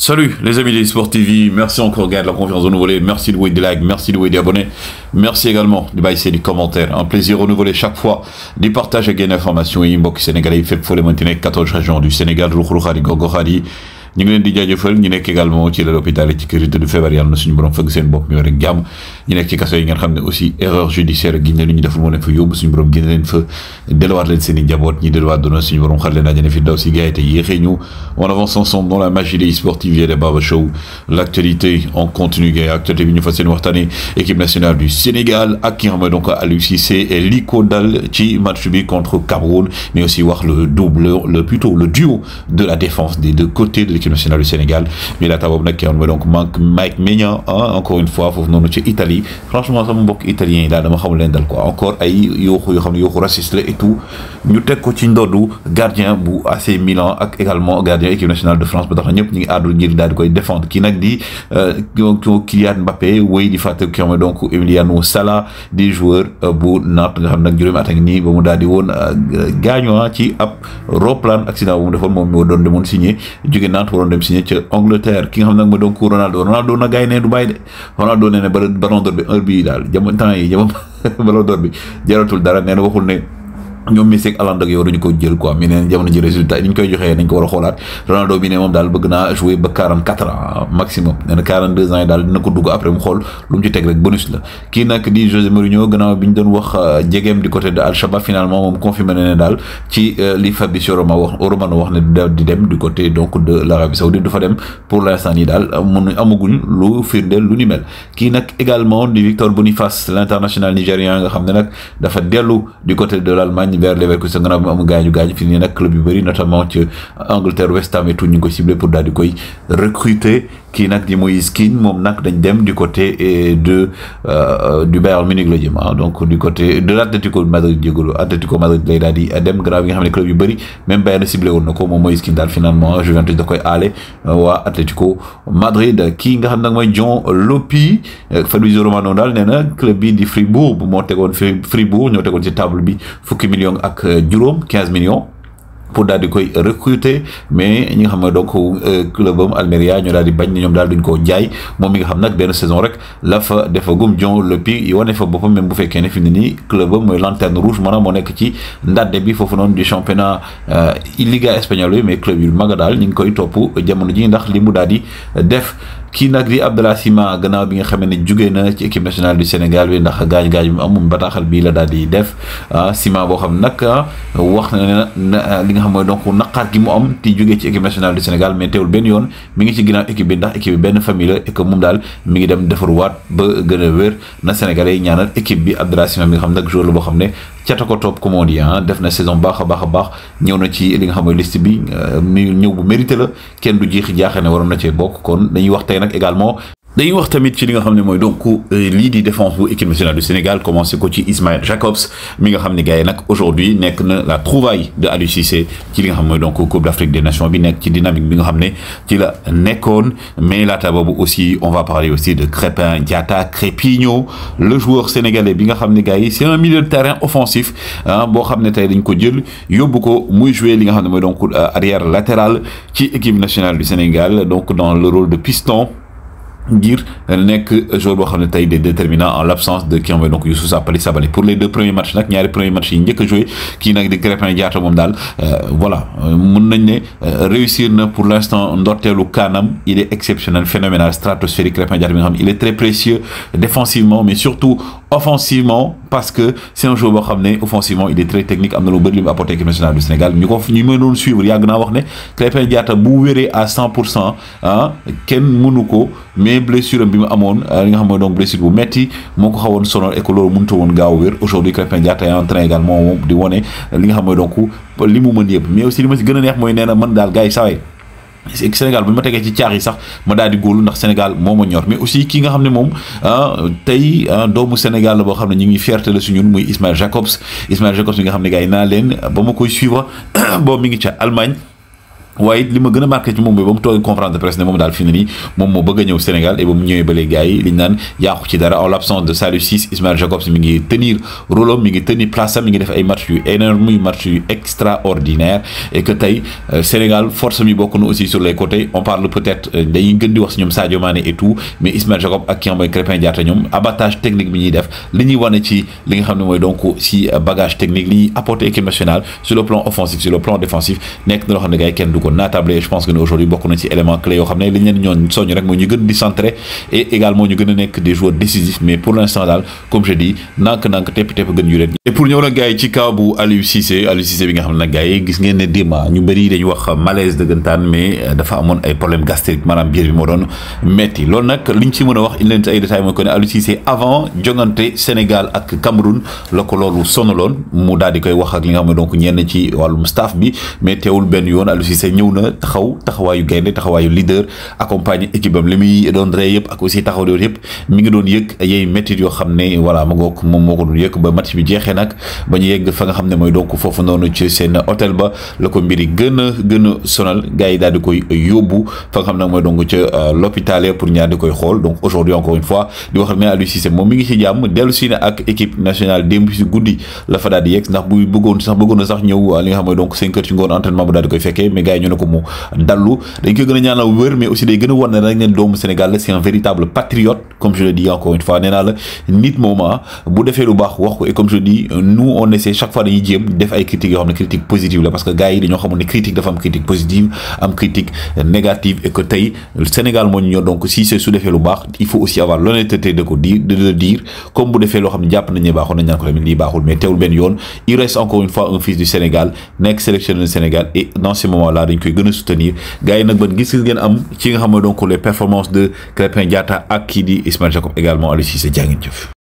Salut les amis des Sport TV, merci encore de de la confiance renouvelée, merci de vous des likes, merci de vous des merci également de baisser des commentaires, un plaisir renouvelé chaque fois, des partages et des informations, inbox sénégalais, fait pour les Montenegro, 14 régions du Sénégal, Roukhoukhari, ñu ngi leen di jaajëfal ñu nekk également ci lal hôpital ci kër yi tëdd feebar yàlla na suñu borom fëgg seen bopp ñoo rek ñu nekk ci kasso yi nga xam aussi erreur judiciaire gi ne ñu deful mo leen fa yóbbu suñu borom génne leen fa delluwaat leen seen i ñi ñi delluwaat doona suñu borom xar leen ajane fi daw ci gars yi xéñu on avance ensemble dans la magie des sportifs et des baba show en continu gay yi actualité bi ñu fas seen équipe nationale du Sénégal ak donc Aliou Cissé et Liko Dal ci match bi contre Cameroun mais aussi wax le double le plutôt le duo de la défense des deux côtés de l'équipe national nationale du Sénégal mais la boobu qui ki donc manque Mike Maignan hein, encore une fois foofu noonu de Italie franchement ça mbokk Italien. yi daal dama xamul dal quoi encore ay yooxu yoo xam ne yooxu et tout ñu teg ko ci ndoddu gardien bu AC Milan également gardien équipe nationale de France ba tax na ñëpp ñu ngi àddu ngir daal di koy défendre kii nag di euh, Kylian Mbappé Oui di fàtte ki xam donc Emiliano Sala des joueurs euh, bu notre nga xam nag juróomi at ak nii ba mu daal di woon euh, gaañu hein, ci accident bu mu defoon moom moo doon demoon waroon dem signé ca Angleterre ki nga xam nag ma donc Ronaldo Ronaldo na gars yi du bàyyi de Ronaldo nee ballon d'or bi heure daal jamono yi jamono ballon d'or jaratul dara nee waxul ne. ñoom Messi ak Alan ak yow duñ ko jël quoi mi neen jamono ji résultat ñu koy joxé nañ ko wara xolaat Ronaldo bi né mom dal bëgg na jouer ba 44 ans maximum né 42 ans dal dina ko dugg après mu xol lu mu ci teg rek bonus la ki nak di José Mourinho gënaaw biñ doon wax euh, jegeem di côté de Al Shabab finalement mom confirmé né dal ci euh, li Fabrizio Roma wax Roma wax né di dem du côté donc de l'Arabie Saoudite du fa dem pour l'instant ni dal mënu amaguñ lu firndeel lu ni mel ki nak également di Victor Boniface l'international nigérien nga xamné nak dafa dellu du côté de l'Allemagne vers Bayer Leverkusen gannaaw mu am gañu gaañu fi club yu bari notamment ci Angleterre West Ham et tout ñu ngi ko ciblé pour daal di koy recruter ki nak di Moise Kean mom nak dañ dem du côté eh, de euh, du Bayern Munich la jëm ah. donc du côté de l'atletico Madrid jégalu Atlético Madrid lay daal di dem grave nga xamné club yu bari même Bayern ciblé won na ko Moise Moïse Kean finalement ah, Juventus da koy aale euh, waa Atlético Madrid ki nga xam nak moy John Lopi euh, Fabrizio Romano daal né na club bi di Fribourg moo tegoon Fribourg ñoo tegoon ci table bi fukki millions millions ak euh, juróom 15 millions pour daal di koy recruter mais ñi nga xam ne donc euh, clubum Almeria ñu daal di bañ ne ñoom duñ ko jaay moom mi nga xam nak ben saison rek la fa defagum Dion Le Puy yi wane fa boppam même bu fekkee ne fi mu ne nii lanterne rouge manam moo nekk ci ndàdde bi fofu non du championnat euh, Liga espagnol mais club yu mag daal ñu koy topp jamono ji ndax limu mu di def. kii nag di Abdallah Sima gannaaw bi nga xamee ne jugee na ci équipe nationale du Sénégal bi ndax gaañ gaañ bi amum bataaxal bii la daal di def ah, Sima boo xam nag ah, wax na ne li nga xam mooy donc naqaar gi mu am ti jugee ci équipe nationale du Sénégal mais teewul benn yoon mu ngi ci ginnaaw équipe bi ndax équipe bi benn famille la et que moom daal mi ngi dem defaruwaat ba gën a wér na Sénégalais yi ñaanal équipe bi Abdallah Sima mi nga xam nag joueur la boo xam ne cata ko topp comme on ah, def na saison baax a baax a baax ñëw na ci li nga xam mooy liste bi euh, ñëw bu mérité la kenn du jiixi jaaxe ne waroon na cee bokk kon dañuy wax tey également dañuy wax tamit ci li nga xam moy donc euh, lii di défense bu équipe nationale du Sénégal commencé ko ci Ismaël Jacobs mi nga xam ne nak aujourd'hui nek na la trouvaille de Aliou Cissé ci li nga xam mooy donc Coupe d'Afrique des Nations bi nek ci dynamique bi nga xam ci la mais aussi on va parler aussi de Crépin Diatta Crépigno le joueur sénégalais bi nga xam c'est un milieu de terrain offensif ah boo xam ne de dañ ko jël yóbbu ko muy jouer li nga donc euh, arrière latéral ci équipe nationale du Sénégal donc dans le rôle de piston elle n'est joueur boo des déterminants en l'absence de qui on veut donc pour les deux premiers matchs premiers matchs joué qui euh, voilà euh, euh, réussir pour l'instant il est exceptionnel phénoménal stratosphérique il est très précieux défensivement mais surtout offensivement parce que c'est un joueur Il offensivement il est très technique il du Sénégal suivre à 100 hein, mais mais blessure bi mu amoon euh, li nga xam mooy donc blessure bu metti moo ko xawoon sonal et que loolu mënut woon gaaw wér aujourd'hui Krépin Diatta train également moom di wone li nga xam mooy donc li mu mën yëpp mais aussi ma a neex mooy nee na man daal gars yi saway Sénégal bu ma daal di góolu ndax Sénégal moo ma ñor mais aussi ki nga xam ne moom ah, tey ah, doomu Sénégal la boo xam ne ñu ngi fierté la suñun muy Ismaël Jacobs Ismaël Jacobs mi nga xam ne gars yi naa leen ba ma koy suivre boobu mi ngi ca Allemagne waaye li ma gën a marqué ci moom mooy ba mu conférence de presse ne moom daal fi ne nii moom moo bëgg a ñëw Sénégal et ba mu ñëwee ba léegi gars yi liñ naan yàqu ci dara en l'absence de Saliou Ciss Ismaël Jacobs mi ngi tenir rôle am mi ngi tenir place am mi ngi def ay match yu énorme yu match yu extraordinaire et que tey euh, Sénégal force mi bokk na aussi sur les côtés on parle peut-être euh, dañuy gën di wax si ñoom Sadio Mané et tout mais Ismaël Jacobs ak ki mooy Crépin Diatta ñoom abattage technique bi ñuy def li ñuy wane ci li nga xam ne mooy donc si euh, bagage technique li ñuy apporter équipe nationale sur le plan offensif sur le plan défensif nekk na loo xam ne gars yi kenn du ko ko naatable je pense que nous aujourd'hui bokk na ci élément clé yo xamné ne li ñu ñoon soñu rek mooy ñu gën di centrer et également ñu gën a nekk des joueurs décisifs mais pour l'instant dal comme je dis nank-nank tép tép gën ñu leen et pour ñëw na gars ci kaw bu Aliou Cissé Aliou Cissé bi nga xamné gaay gis ngeen né déma ñu bari dañ wax malaise de dëggantaan mais dafa amone ay problème gastrique manam biir bi mo doon metti lool nak liñ ci mëna wax indi leen ci ay détails mooy ko né Aliou Cissé avant jongante Sénégal ak Cameroun la ko loolu sonaloon mu daal di koy wax ak li nga xamné donc ñenn ci wàllum staff bi mais téwul ben yoon Aliou Cissé ñëw na taxaw taxawaayu gaynde taxawaayu leader accompagne équipe am li muy doon rey yëpp ak aussi taxaw doon yëpp mi ngi doon yëg yey méttit yoo xam ne voilà ma ngoog moom moo ko doon yëg ba match bi jeexee nag ba ñu yegg fa nga xam ne mooy donc foofu noonu ci seen hôtel ba la ko mbiri gën a gën a sonal gars yi daal di koy yóbbu fa nga xam nag mooy donc ca euh, l'hôpital pour ñaar di koy xool donc aujourd'hui encore une fois di wax ne Aliou Cissé moom mi ngi ci jàmm dellu si na ak équipe nationale démb si guddi la fa daal di yegg ndax bu bëggoon sax bëggoon na sax ñëw euh, li nga xam mooy donc 5 heures ci ngoon entraînement bu daal di koy fekkee mais gars ñu ne ko mu dañ koy gën ñaanal wér mais aussi day gën a war ne doomu Sénégal c'est un véritable patriote comme je le dis encore une fois nee nit moom bu défé lu bax wax ko et comme je dis nous on essaie chaque fois dañuy jéem def ay critiques yo xamné ne critique positive la parce que gars yi dañu xamné ne critique dafa am critique positive am critique négative et que tey Sénégal mo ñu donc si c'est su défé lu bax il faut aussi avoir l'honnêteté de ko dire de le dire comme bu défé lo xamné japp jàpp nañu ne baaxoon nañ ñaan ko tamit baaxul mais téwul ben yoon il reste encore une fois un fils du Sénégal nek sélectionneur du Sénégal et dans ce moment là dañ koy gën soutenir gars nak ban gis-gis am ci nga xam donc les performances de Crépin Diata ak kii di Ismaël Jacob également Aliou Cissé jaa ngeen